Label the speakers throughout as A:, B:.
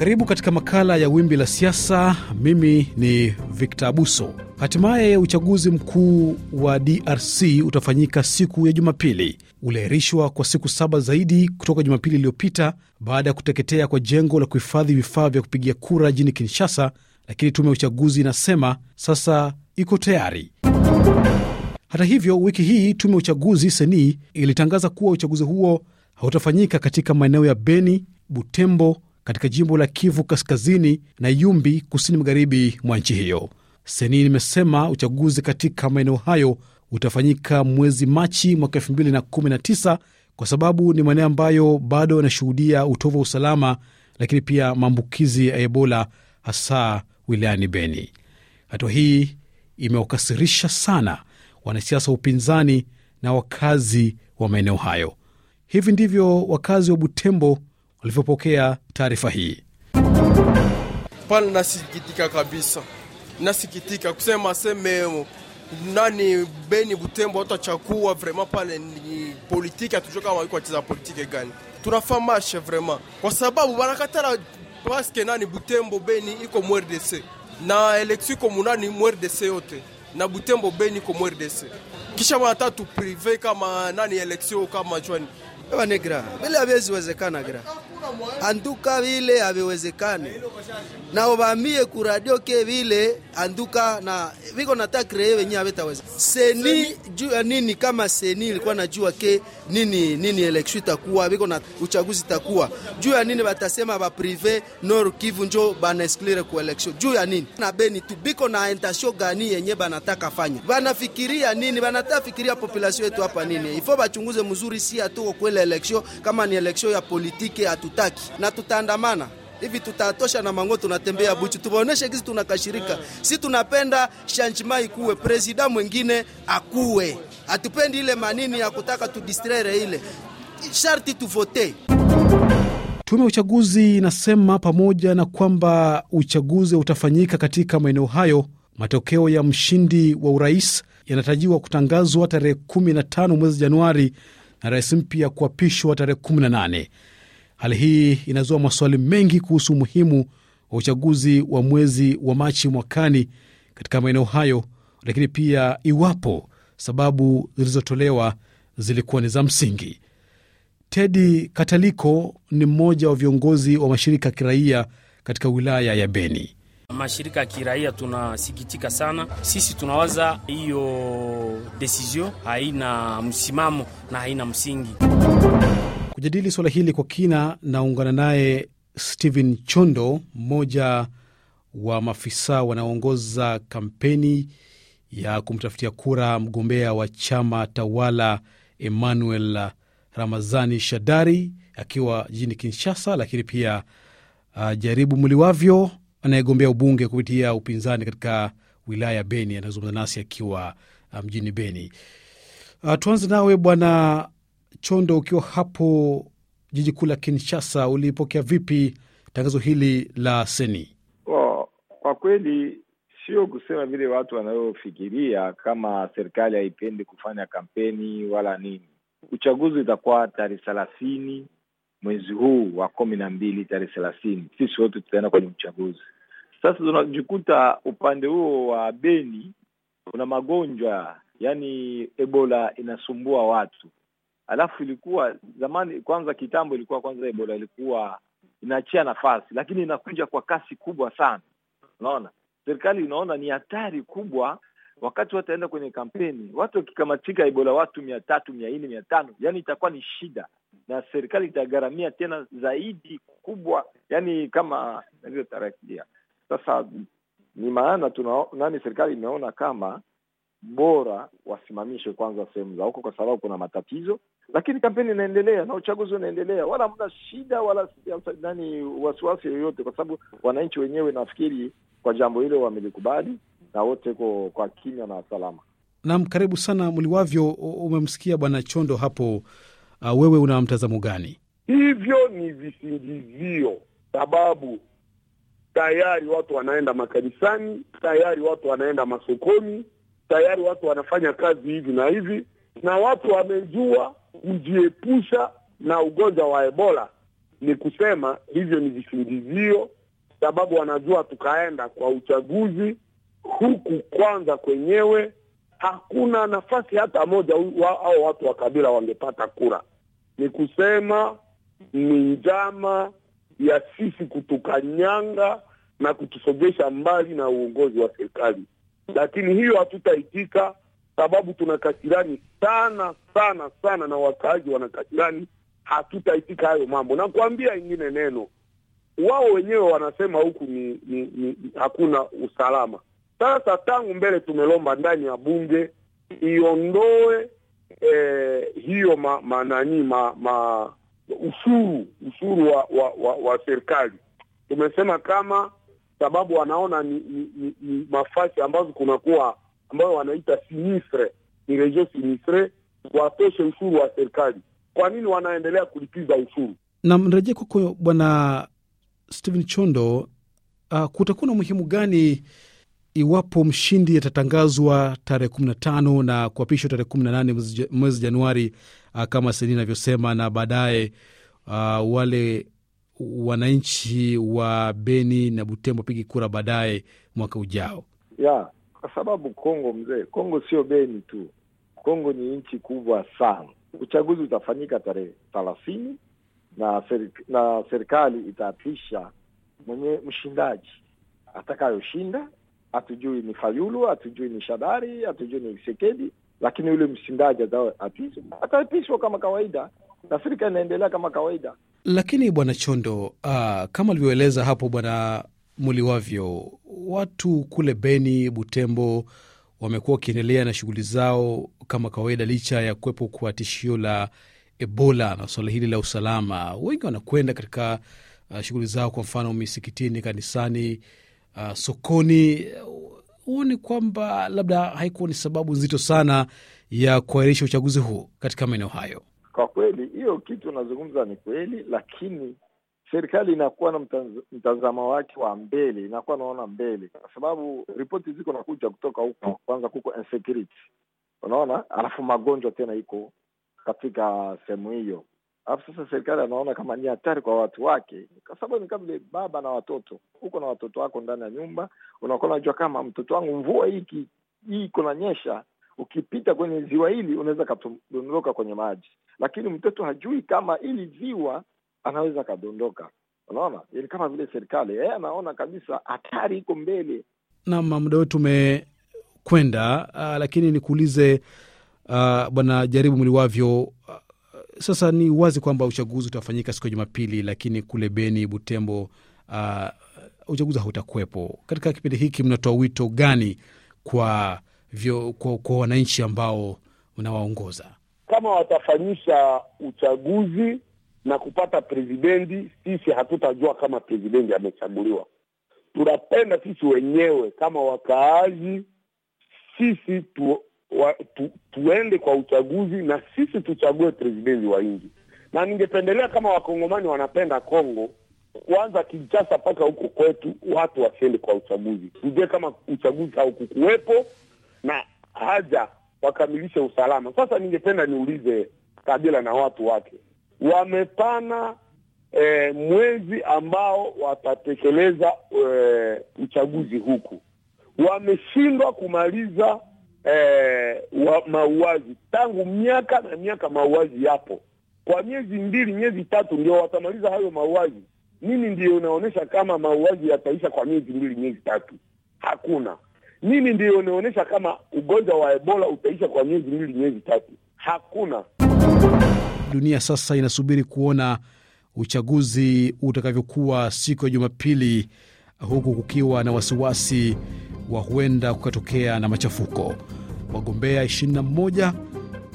A: Karibu katika makala ya Wimbi la Siasa. Mimi ni Victor Abuso. Hatimaye uchaguzi mkuu wa DRC utafanyika siku ya Jumapili, uliahirishwa kwa siku saba zaidi kutoka Jumapili iliyopita baada ya kuteketea kwa jengo la kuhifadhi vifaa vya kupigia kura jini Kinshasa, lakini tume ya uchaguzi inasema sasa iko tayari. Hata hivyo, wiki hii tume ya uchaguzi seni ilitangaza kuwa uchaguzi huo hautafanyika katika maeneo ya Beni, Butembo, katika jimbo la Kivu Kaskazini na Yumbi kusini magharibi mwa nchi hiyo. Seni imesema uchaguzi katika maeneo hayo utafanyika mwezi Machi mwaka 2019 kwa sababu ni maeneo ambayo bado yanashuhudia utovu wa usalama, lakini pia maambukizi ya Ebola hasa wilayani Beni. Hatua hii imewakasirisha sana wanasiasa wa upinzani na wakazi wa maeneo hayo. Hivi ndivyo wakazi wa Butembo walivyopokea taarifa hii. Pana, nasikitika kabisa, nasikitika kusema seme nani Beni Butembo watachakua vrema pale ni politiki, hatujua kama iko acheza politiki gani. Tunafaa marshe vrema, kwa sababu wanakatala paske nani Butembo Beni iko MRDC na elektio iko munani MRDC yote na Butembo Beni iko MRDC, kisha wanataka tu prive kama nani elektio kama chwani ewa negra gra bile wezekana gra anduka vile haviwezekane, na obambie kuradio ke vile anduka na viko natakree venye avetaweza seni jua nini, kama seni ilikuwa najua ke nini nini election itakuwa viko na uchaguzi itakuwa juu ya nini, batasema ba prive nor Kivu njo bana exclure ku election juu ya nini? Na beni tu biko na intention gani yenye banataka fanya, banafikiria nini, banataka fikiria population yetu hapa nini? Ifo bachunguze mzuri, si atuko kwele election, kama ni election ya politique atu hatutaki na tutaandamana hivi tutatosha na mango, tunatembea buchu, tuwaoneshe kizi tunakashirika. Si tunapenda shanjima ikuwe presida mwingine akuwe, hatupendi ile manini ya kutaka tudistrere, ile sharti tuvote. Tume ya uchaguzi inasema pamoja na kwamba uchaguzi utafanyika katika maeneo hayo, matokeo ya mshindi wa urais yanatarajiwa kutangazwa tarehe 15 mwezi Januari na rais mpya kuapishwa tarehe 18. Hali hii inazua maswali mengi kuhusu umuhimu wa uchaguzi wa mwezi wa Machi mwakani katika maeneo hayo, lakini pia iwapo sababu zilizotolewa zilikuwa ni za msingi. Tedi Kataliko ni mmoja wa viongozi wa mashirika ya kiraia katika wilaya ya Beni.
B: Mashirika ya kiraia tunasikitika sana. Sisi tunawaza hiyo desizio haina msimamo na haina msingi.
A: Kujadili suala hili kwa kina, naungana naye Stephen Chondo, mmoja wa maafisa wanaoongoza kampeni ya kumtafutia kura mgombea wa chama tawala Emmanuel Ramazani Shadari akiwa jijini Kinshasa, lakini pia uh, Jaribu wavyo anayegombea ubunge kupitia upinzani katika wilaya ya Beni anazungumza nasi akiwa uh, mjini um, Beni. Uh, tuanze nawe Bwana Chondo, ukiwa hapo jiji kuu la Kinshasa, ulipokea vipi tangazo hili la Seni?
C: Oh, kwa kweli sio kusema vile watu wanayofikiria kama serikali haipendi kufanya kampeni wala nini. Uchaguzi utakuwa tarehe thelathini mwezi huu wa kumi na mbili tarehe thelathini sisi wote tutaenda kwenye uchaguzi. Sasa tunajikuta upande huo wa Beni kuna magonjwa yani Ebola inasumbua watu, alafu ilikuwa zamani, kwanza kitambo ilikuwa kwanza Ebola ilikuwa inaachia nafasi, lakini inakuja kwa kasi kubwa sana. Unaona, serikali inaona ni hatari kubwa. Wakati wataenda kwenye kampeni, watu wakikamatika Ebola watu mia tatu mia nne mia tano yani itakuwa ni shida, na serikali itagharamia tena zaidi kubwa, yani kama nilivyotarajia. Sasa ni maana tuna nani, serikali imeona kama bora wasimamishe kwanza sehemu za huko, kwa sababu kuna matatizo, lakini kampeni inaendelea na uchaguzi unaendelea, wala hamna shida wala nani wasiwasi yoyote, kwa sababu wananchi wenyewe nafikiri kwa jambo hilo wamelikubali na wote ko kwa kimya na salama.
A: Naam, karibu sana Mliwavyo. Umemsikia Bwana Chondo hapo. Uh, wewe una mtazamo gani?
B: Hivyo ni visingizio, sababu tayari watu wanaenda makanisani, tayari watu wanaenda masokoni tayari watu wanafanya kazi hivi na hivi, na watu wamejua kujiepusha na ugonjwa wa Ebola. Ni kusema hivyo ni visingizio, sababu wanajua tukaenda kwa uchaguzi huku kwanza kwenyewe hakuna nafasi hata moja wa, au watu wa kabila wangepata kura. Ni kusema ni njama ya sisi kutukanyanga na kutusogesha mbali na uongozi wa serikali lakini hiyo hatutaitika, sababu tunakasirani sana sana sana na wakaaji wanakasirani, hatutaitika hayo mambo. Na kuambia ingine neno, wao wenyewe wanasema huku ni, ni, ni hakuna usalama. Sasa tangu mbele tumelomba ndani ya bunge iondoe eh, hiyo ma, ma, nani ma, ma, ushuru ushuru wa, wa, wa, wa serikali. Tumesema kama sababu wanaona ni, ni, ni, ni mafasi ambazo kunakuwa ambayo wanaita sinistre, ni region sinistre, watoshe ushuru wa serikali. Kwa nini wanaendelea kulipiza ushuru?
A: Na mrejee kwako Bwana Stephen Chondo, uh, kutakuwa na umuhimu gani iwapo mshindi atatangazwa tarehe kumi na tano na kuapishwa tarehe kumi na nane mwezi Januari, uh, kama seni inavyosema, na baadaye uh, wale wananchi wa Beni na Butembo wapige kura baadaye mwaka ujao?
C: Ya, kwa sababu Kongo mzee, Kongo sio Beni tu, Kongo ni nchi kubwa sana. Uchaguzi utafanyika tarehe thelathini na serikali, na serikali itaapisha mwenye mshindaji atakayoshinda. Hatujui ni Fayulu, hatujui ni Shadari, hatujui ni Kisekedi, lakini yule mshindaji ataapishwa kama kawaida na serikali inaendelea kama kawaida.
A: Lakini bwana Chondo, uh, kama alivyoeleza hapo bwana Muliwavyo, watu kule Beni, Butembo wamekuwa wakiendelea na shughuli zao kama kawaida, licha ya kuwepo kwa tishio la Ebola na suala hili la usalama. Wengi wanakwenda katika uh, shughuli zao, kwa mfano misikitini, kanisani, uh, sokoni. Huoni kwamba labda haikuwa ni sababu nzito sana ya kuahirisha uchaguzi huu katika maeneo hayo?
C: Kwa kweli hiyo kitu unazungumza ni kweli, lakini serikali inakuwa na mtazamo wake wa mbele, inakuwa naona mbele, kwa sababu ripoti ziko nakuja kutoka huko. Kwanza kuko insecurity, unaona, alafu magonjwa tena iko katika sehemu hiyo, alafu sasa serikali anaona kama ni hatari kwa watu wake, kwa sababu ni kama vile baba na watoto. Uko na watoto wako ndani ya nyumba, unakuwa unajua kama mtoto wangu, mvua hii hii kunanyesha, ukipita kwenye ziwa hili unaweza kadondoka kwenye maji lakini mtoto hajui kama ili ziwa anaweza akadondoka. Unaona, ni yaani kama vile serikali yeye anaona kabisa hatari iko mbele.
A: nam muda wetu umekwenda, uh, lakini nikuulize uh, bwana Jaribu Mliwavyo, uh, sasa ni wazi kwamba uchaguzi utafanyika siku ya Jumapili, lakini kule Beni, Butembo, uh, uchaguzi hautakuwepo. Katika kipindi hiki mnatoa wito gani kwa, vyo, kwa, kwa wananchi ambao mnawaongoza?
B: kama watafanyisha uchaguzi na kupata presidenti, sisi hatutajua kama presidenti amechaguliwa. Tunapenda sisi wenyewe kama wakaazi sisi tu, wa, tu, tuende kwa uchaguzi na sisi tuchague presidenti wa nchi, na ningependelea kama wakongomani wanapenda Kongo kwanza Kinshasa mpaka huko kwetu watu wasiende kwa uchaguzi, tujue kama uchaguzi haukukuwepo na haja wakamilishe usalama. Sasa ningependa niulize Kabila na watu wake wamepana e, mwezi ambao watatekeleza e, uchaguzi huku, wameshindwa kumaliza e, wa, mauaji tangu miaka na miaka. Mauaji yapo kwa miezi mbili, miezi tatu, ndio watamaliza hayo mauaji. Nini ndiyo inaonyesha kama mauaji yataisha kwa miezi mbili, miezi tatu? Hakuna. Mimi ndiyo unaonyesha kama ugonjwa wa Ebola utaisha kwa miezi mbili, miezi tatu. Hakuna
A: dunia sasa inasubiri kuona uchaguzi utakavyokuwa siku ya Jumapili, huku kukiwa na wasiwasi wa huenda kukatokea na machafuko. Wagombea 21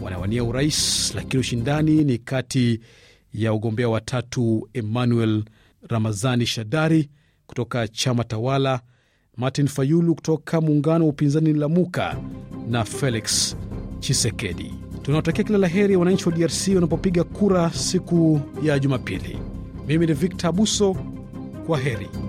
A: wanawania urais, lakini ushindani ni kati ya ugombea watatu: Emmanuel Ramazani Shadari kutoka chama tawala Martin Fayulu kutoka muungano wa upinzani Lamuka na Felix Chisekedi. Tunawatakia kila la heri wananchi wa DRC wanapopiga kura siku ya Jumapili. Mimi ni Victor Abuso, kwa heri.